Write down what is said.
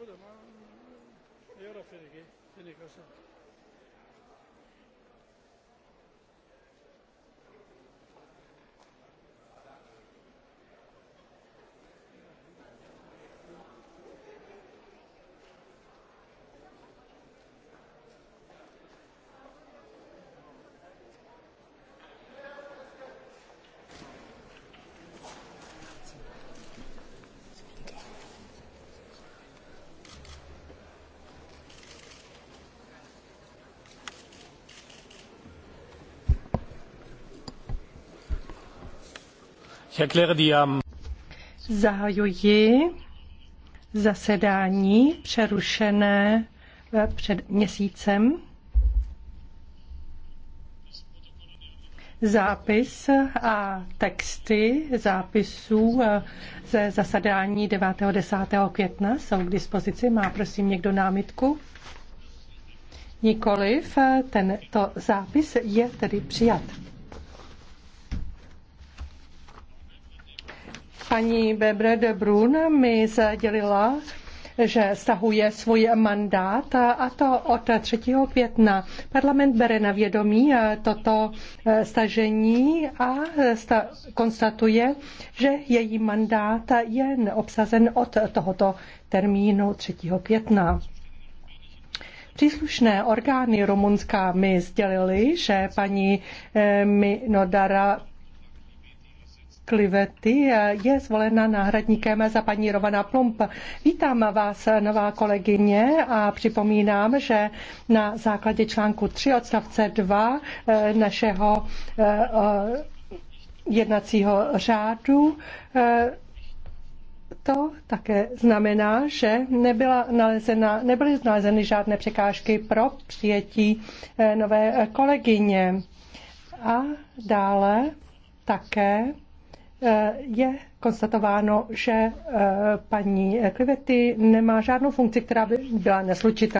Şurada mı? Yara feniki, fenikası. Zahajuji zasedání přerušené eh, před měsícem. Zápis a texty zápisů eh, ze zasedání 9. 10. května jsou k dispozici. Má prosím někdo námitku? Nikoliv, tento zápis je tedy přijat. Paní Bebre de Brun mi sdělila, že stahuje svůj mandát a to od 3. května. Parlament bere na vědomí eh, toto eh, stažení a eh, sta- konstatuje, že její mandát je obsazen od tohoto termínu 3. května. Příslušné orgány Rumunska mi sdělili, že paní Minodara Klivety eh, je zvolena náhradníkem za paní Rovana Plump. Vítám vás, nová kolegyně, a připomínám, že na základě článku 3 odstavce 2 eh, našeho eh, jednacího řádu to také znamená, že nebyla nalezena, nebyly nalezeny žádné překážky pro přijetí nové kolegyně. A dále také Eh, je konstatováno, že eh, paní Klivety nemá žádnou funkci, která by byla neslučitelná.